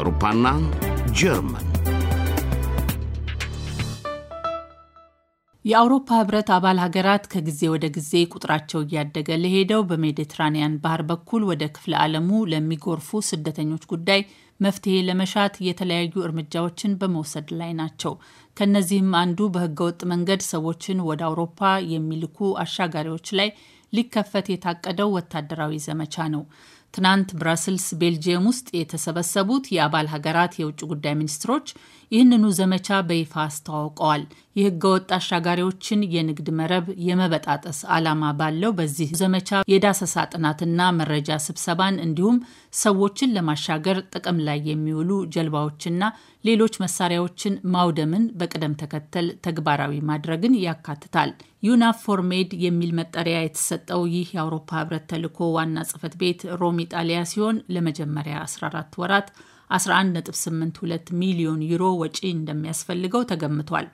አውሮፓና ጀርመን የአውሮፓ ህብረት አባል ሀገራት ከጊዜ ወደ ጊዜ ቁጥራቸው እያደገ ለሄደው በሜዲትራኒያን ባህር በኩል ወደ ክፍለ ዓለሙ ለሚጎርፉ ስደተኞች ጉዳይ መፍትሄ ለመሻት የተለያዩ እርምጃዎችን በመውሰድ ላይ ናቸው። ከእነዚህም አንዱ በህገወጥ መንገድ ሰዎችን ወደ አውሮፓ የሚልኩ አሻጋሪዎች ላይ ሊከፈት የታቀደው ወታደራዊ ዘመቻ ነው። ትናንት ብራስልስ ቤልጅየም ውስጥ የተሰበሰቡት የአባል ሀገራት የውጭ ጉዳይ ሚኒስትሮች ይህንኑ ዘመቻ በይፋ አስተዋውቀዋል። የህገወጥ አሻጋሪዎችን የንግድ መረብ የመበጣጠስ ዓላማ ባለው በዚህ ዘመቻ የዳሰሳ ጥናትና መረጃ ስብሰባን እንዲሁም ሰዎችን ለማሻገር ጥቅም ላይ የሚውሉ ጀልባዎችና ሌሎች መሳሪያዎችን ማውደምን በቅደም ተከተል ተግባራዊ ማድረግን ያካትታል። ዩናፎርሜድ የሚል መጠሪያ የተሰጠው ይህ የአውሮፓ ህብረት ተልዕኮ ዋና ጽህፈት ቤት ሮም ኢጣሊያ ሲሆን ለመጀመሪያ 14 ወራት 11.82 ሚሊዮን ዩሮ ወጪ እንደሚያስፈልገው ተገምቷል።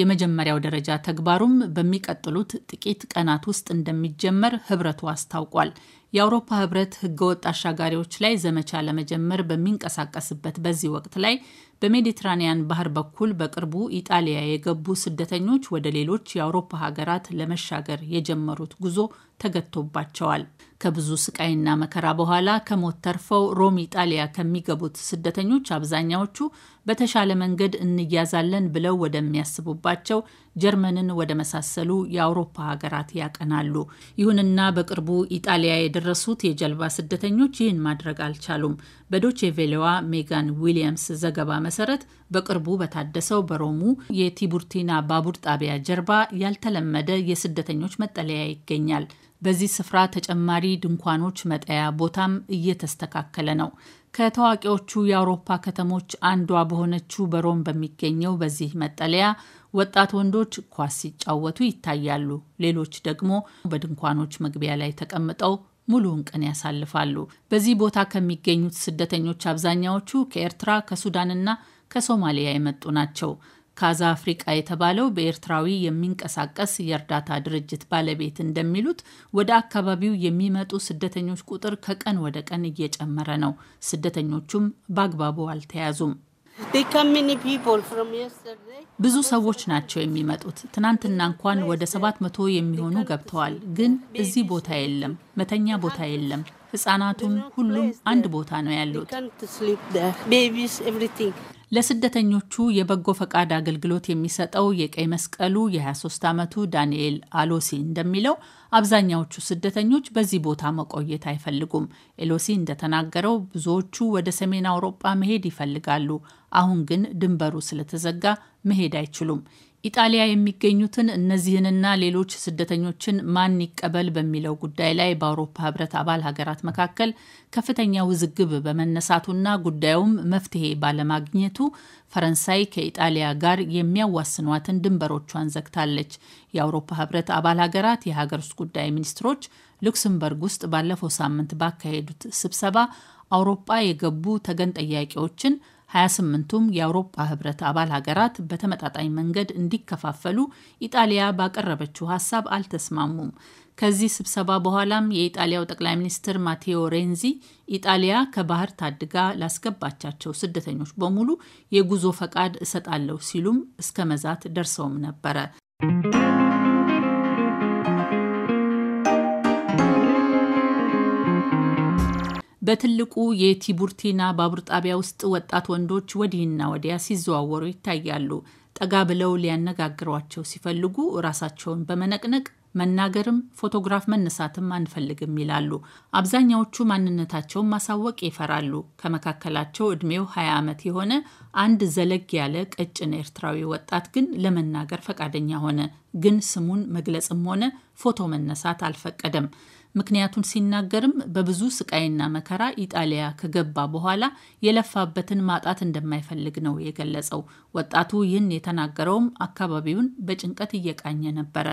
የመጀመሪያው ደረጃ ተግባሩም በሚቀጥሉት ጥቂት ቀናት ውስጥ እንደሚጀመር ህብረቱ አስታውቋል። የአውሮፓ ህብረት ህገወጥ አሻጋሪዎች ላይ ዘመቻ ለመጀመር በሚንቀሳቀስበት በዚህ ወቅት ላይ በሜዲትራኒያን ባህር በኩል በቅርቡ ኢጣሊያ የገቡ ስደተኞች ወደ ሌሎች የአውሮፓ ሀገራት ለመሻገር የጀመሩት ጉዞ ተገቶባቸዋል። ከብዙ ስቃይና መከራ በኋላ ከሞት ተርፈው ሮም ኢጣሊያ ከሚገቡት ስደተኞች አብዛኛዎቹ በተሻለ መንገድ እንያዛለን ብለው ወደሚያስቡባቸው ጀርመንን ወደ መሳሰሉ የአውሮፓ ሀገራት ያቀናሉ። ይሁንና በቅርቡ ኢጣሊያ የደረሱት የጀልባ ስደተኞች ይህን ማድረግ አልቻሉም። በዶቼ ቬሌዋ ሜጋን ዊሊያምስ ዘገባ መሰረት በቅርቡ በታደሰው በሮሙ የቲቡርቲና ባቡር ጣቢያ ጀርባ ያልተለመደ የስደተኞች መጠለያ ይገኛል። በዚህ ስፍራ ተጨማሪ ድንኳኖች መጠያ ቦታም እየተስተካከለ ነው። ከታዋቂዎቹ የአውሮፓ ከተሞች አንዷ በሆነችው በሮም በሚገኘው በዚህ መጠለያ ወጣት ወንዶች ኳስ ሲጫወቱ ይታያሉ። ሌሎች ደግሞ በድንኳኖች መግቢያ ላይ ተቀምጠው ሙሉውን ቀን ያሳልፋሉ። በዚህ ቦታ ከሚገኙት ስደተኞች አብዛኛዎቹ ከኤርትራ፣ ከሱዳንና ከሶማሊያ የመጡ ናቸው። ካዛ አፍሪቃ የተባለው በኤርትራዊ የሚንቀሳቀስ የእርዳታ ድርጅት ባለቤት እንደሚሉት ወደ አካባቢው የሚመጡ ስደተኞች ቁጥር ከቀን ወደ ቀን እየጨመረ ነው። ስደተኞቹም በአግባቡ አልተያዙም። ብዙ ሰዎች ናቸው የሚመጡት። ትናንትና እንኳን ወደ ሰባት መቶ የሚሆኑ ገብተዋል። ግን እዚህ ቦታ የለም፣ መተኛ ቦታ የለም። ህጻናቱም ሁሉም አንድ ቦታ ነው ያሉት። ለስደተኞቹ የበጎ ፈቃድ አገልግሎት የሚሰጠው የቀይ መስቀሉ የ23 ዓመቱ ዳንኤል አሎሲ እንደሚለው አብዛኛዎቹ ስደተኞች በዚህ ቦታ መቆየት አይፈልጉም። ኤሎሲ እንደተናገረው ብዙዎቹ ወደ ሰሜን አውሮጳ መሄድ ይፈልጋሉ። አሁን ግን ድንበሩ ስለተዘጋ መሄድ አይችሉም። ኢጣሊያ የሚገኙትን እነዚህንና ሌሎች ስደተኞችን ማን ይቀበል በሚለው ጉዳይ ላይ በአውሮፓ ሕብረት አባል ሀገራት መካከል ከፍተኛ ውዝግብ በመነሳቱና ጉዳዩም መፍትሄ ባለማግኘቱ ፈረንሳይ ከኢጣሊያ ጋር የሚያዋስኗትን ድንበሮቿን ዘግታለች። የአውሮፓ ሕብረት አባል ሀገራት የሀገር ውስጥ ጉዳይ ሚኒስትሮች ሉክሰምበርግ ውስጥ ባለፈው ሳምንት ባካሄዱት ስብሰባ አውሮፓ የገቡ ተገን ጠያቂዎችን 28ቱም የአውሮፓ ህብረት አባል ሀገራት በተመጣጣኝ መንገድ እንዲከፋፈሉ ኢጣሊያ ባቀረበችው ሀሳብ አልተስማሙም። ከዚህ ስብሰባ በኋላም የኢጣሊያው ጠቅላይ ሚኒስትር ማቴዎ ሬንዚ ኢጣሊያ ከባህር ታድጋ ላስገባቻቸው ስደተኞች በሙሉ የጉዞ ፈቃድ እሰጣለሁ ሲሉም እስከ መዛት ደርሰውም ነበረ። በትልቁ የቲቡርቲና ባቡር ጣቢያ ውስጥ ወጣት ወንዶች ወዲህና ወዲያ ሲዘዋወሩ ይታያሉ። ጠጋ ብለው ሊያነጋግሯቸው ሲፈልጉ ራሳቸውን በመነቅነቅ መናገርም ፎቶግራፍ መነሳትም አንፈልግም ይላሉ። አብዛኛዎቹ ማንነታቸውን ማሳወቅ ይፈራሉ። ከመካከላቸው እድሜው 20 ዓመት የሆነ አንድ ዘለግ ያለ ቀጭን ኤርትራዊ ወጣት ግን ለመናገር ፈቃደኛ ሆነ። ግን ስሙን መግለጽም ሆነ ፎቶ መነሳት አልፈቀደም። ምክንያቱን ሲናገርም በብዙ ስቃይና መከራ ኢጣሊያ ከገባ በኋላ የለፋበትን ማጣት እንደማይፈልግ ነው የገለጸው። ወጣቱ ይህን የተናገረውም አካባቢውን በጭንቀት እየቃኘ ነበረ።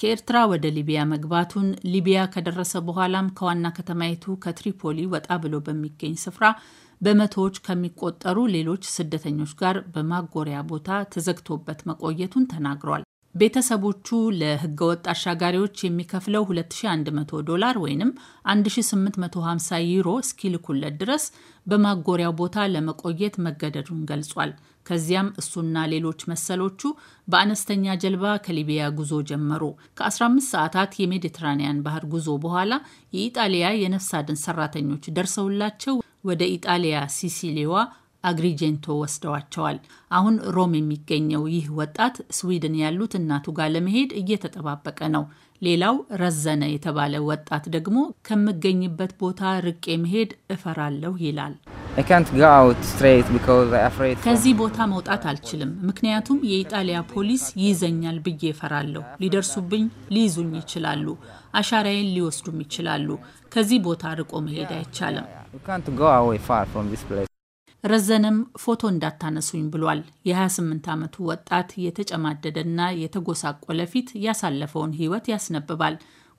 ከኤርትራ ወደ ሊቢያ መግባቱን ሊቢያ ከደረሰ በኋላም ከዋና ከተማይቱ ከትሪፖሊ ወጣ ብሎ በሚገኝ ስፍራ በመቶዎች ከሚቆጠሩ ሌሎች ስደተኞች ጋር በማጎሪያ ቦታ ተዘግቶበት መቆየቱን ተናግሯል። ቤተሰቦቹ ለህገወጥ አሻጋሪዎች የሚከፍለው 2100 ዶላር ወይም 1850 ዩሮ እስኪልኩለት ድረስ በማጎሪያው ቦታ ለመቆየት መገደዱን ገልጿል። ከዚያም እሱና ሌሎች መሰሎቹ በአነስተኛ ጀልባ ከሊቢያ ጉዞ ጀመሩ። ከ15 ሰዓታት የሜዲትራኒያን ባህር ጉዞ በኋላ የኢጣሊያ የነፍስ አድን ሰራተኞች ደርሰውላቸው ወደ ኢጣሊያ ሲሲሊዋ አግሪጀንቶ ወስደዋቸዋል። አሁን ሮም የሚገኘው ይህ ወጣት ስዊድን ያሉት እናቱ ጋር ለመሄድ እየተጠባበቀ ነው። ሌላው ረዘነ የተባለ ወጣት ደግሞ ከምገኝበት ቦታ ርቄ መሄድ እፈራለሁ ይላል። ከዚህ ቦታ መውጣት አልችልም፣ ምክንያቱም የኢጣሊያ ፖሊስ ይይዘኛል ብዬ እፈራለሁ። ሊደርሱብኝ፣ ሊይዙኝ ይችላሉ፣ አሻራዬን ሊወስዱም ይችላሉ። ከዚህ ቦታ ርቆ መሄድ አይቻልም። ረዘነም ፎቶ እንዳታነሱኝ ብሏል። የ28 ዓመቱ ወጣት የተጨማደደና የተጎሳቆለ ፊት ያሳለፈውን ህይወት ያስነብባል።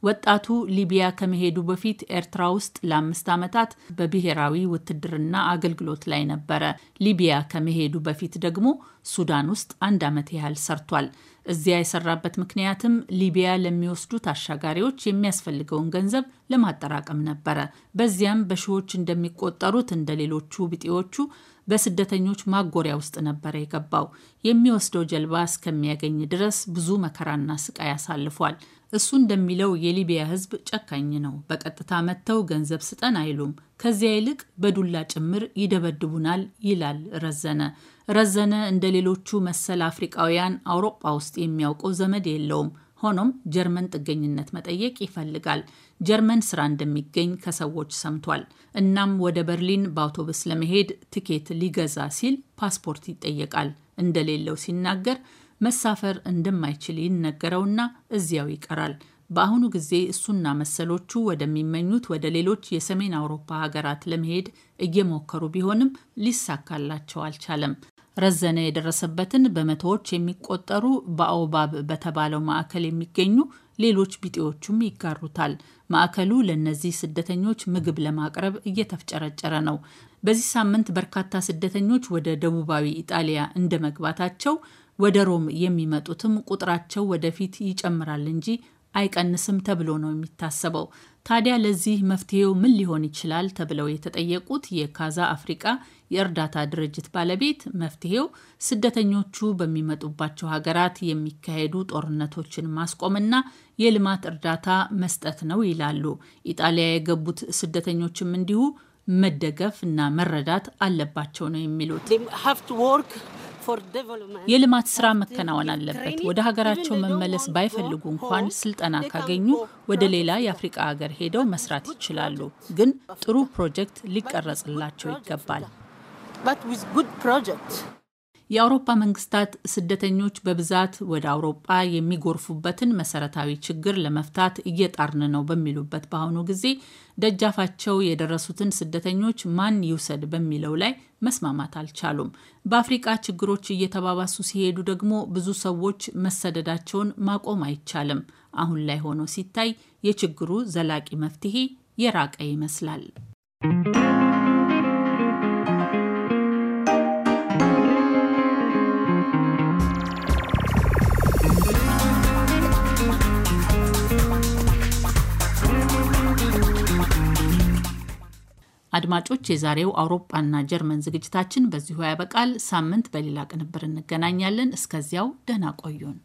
ወጣቱ ሊቢያ ከመሄዱ በፊት ኤርትራ ውስጥ ለአምስት ዓመታት በብሔራዊ ውትድርና አገልግሎት ላይ ነበረ። ሊቢያ ከመሄዱ በፊት ደግሞ ሱዳን ውስጥ አንድ ዓመት ያህል ሰርቷል። እዚያ የሰራበት ምክንያትም ሊቢያ ለሚወስዱት አሻጋሪዎች የሚያስፈልገውን ገንዘብ ለማጠራቀም ነበረ። በዚያም በሺዎች እንደሚቆጠሩት እንደ ሌሎቹ ብጤዎቹ በስደተኞች ማጎሪያ ውስጥ ነበረ የገባው። የሚወስደው ጀልባ እስከሚያገኝ ድረስ ብዙ መከራና ስቃይ አሳልፏል። እሱ እንደሚለው የሊቢያ ሕዝብ ጨካኝ ነው። በቀጥታ መጥተው ገንዘብ ስጠን አይሉም። ከዚያ ይልቅ በዱላ ጭምር ይደበድቡናል ይላል ረዘነ። ረዘነ እንደ ሌሎቹ መሰል አፍሪቃውያን አውሮፓ ውስጥ የሚያውቀው ዘመድ የለውም። ሆኖም ጀርመን ጥገኝነት መጠየቅ ይፈልጋል። ጀርመን ስራ እንደሚገኝ ከሰዎች ሰምቷል። እናም ወደ በርሊን በአውቶቡስ ለመሄድ ትኬት ሊገዛ ሲል ፓስፖርት ይጠየቃል። እንደሌለው ሲናገር መሳፈር እንደማይችል ይነገረውና እዚያው ይቀራል። በአሁኑ ጊዜ እሱና መሰሎቹ ወደሚመኙት ወደ ሌሎች የሰሜን አውሮፓ ሀገራት ለመሄድ እየሞከሩ ቢሆንም ሊሳካላቸው አልቻለም። ረዘነ የደረሰበትን በመቶዎች የሚቆጠሩ በአውባብ በተባለው ማዕከል የሚገኙ ሌሎች ቢጤዎቹም ይጋሩታል። ማዕከሉ ለእነዚህ ስደተኞች ምግብ ለማቅረብ እየተፍጨረጨረ ነው። በዚህ ሳምንት በርካታ ስደተኞች ወደ ደቡባዊ ኢጣሊያ እንደ መግባታቸው ወደ ሮም የሚመጡትም ቁጥራቸው ወደፊት ይጨምራል እንጂ አይቀንስም ተብሎ ነው የሚታሰበው። ታዲያ ለዚህ መፍትሄው ምን ሊሆን ይችላል ተብለው የተጠየቁት የካዛ አፍሪቃ የእርዳታ ድርጅት ባለቤት መፍትሄው ስደተኞቹ በሚመጡባቸው ሀገራት የሚካሄዱ ጦርነቶችን ማስቆምና የልማት እርዳታ መስጠት ነው ይላሉ። ኢጣሊያ የገቡት ስደተኞችም እንዲሁ መደገፍ እና መረዳት አለባቸው ነው የሚሉት። የልማት ስራ መከናወን አለበት። ወደ ሀገራቸው መመለስ ባይፈልጉ እንኳን ስልጠና ካገኙ ወደ ሌላ የአፍሪቃ ሀገር ሄደው መስራት ይችላሉ። ግን ጥሩ ፕሮጀክት ሊቀረጽላቸው ይገባል። የአውሮፓ መንግስታት ስደተኞች በብዛት ወደ አውሮፓ የሚጎርፉበትን መሰረታዊ ችግር ለመፍታት እየጣርን ነው በሚሉበት በአሁኑ ጊዜ ደጃፋቸው የደረሱትን ስደተኞች ማን ይውሰድ በሚለው ላይ መስማማት አልቻሉም። በአፍሪቃ ችግሮች እየተባባሱ ሲሄዱ ደግሞ ብዙ ሰዎች መሰደዳቸውን ማቆም አይቻልም። አሁን ላይ ሆኖ ሲታይ የችግሩ ዘላቂ መፍትሄ የራቀ ይመስላል። አድማጮች፣ የዛሬው አውሮፓና ጀርመን ዝግጅታችን በዚሁ ያበቃል። ሳምንት በሌላ ቅንብር እንገናኛለን። እስከዚያው ደህና ቆዩን።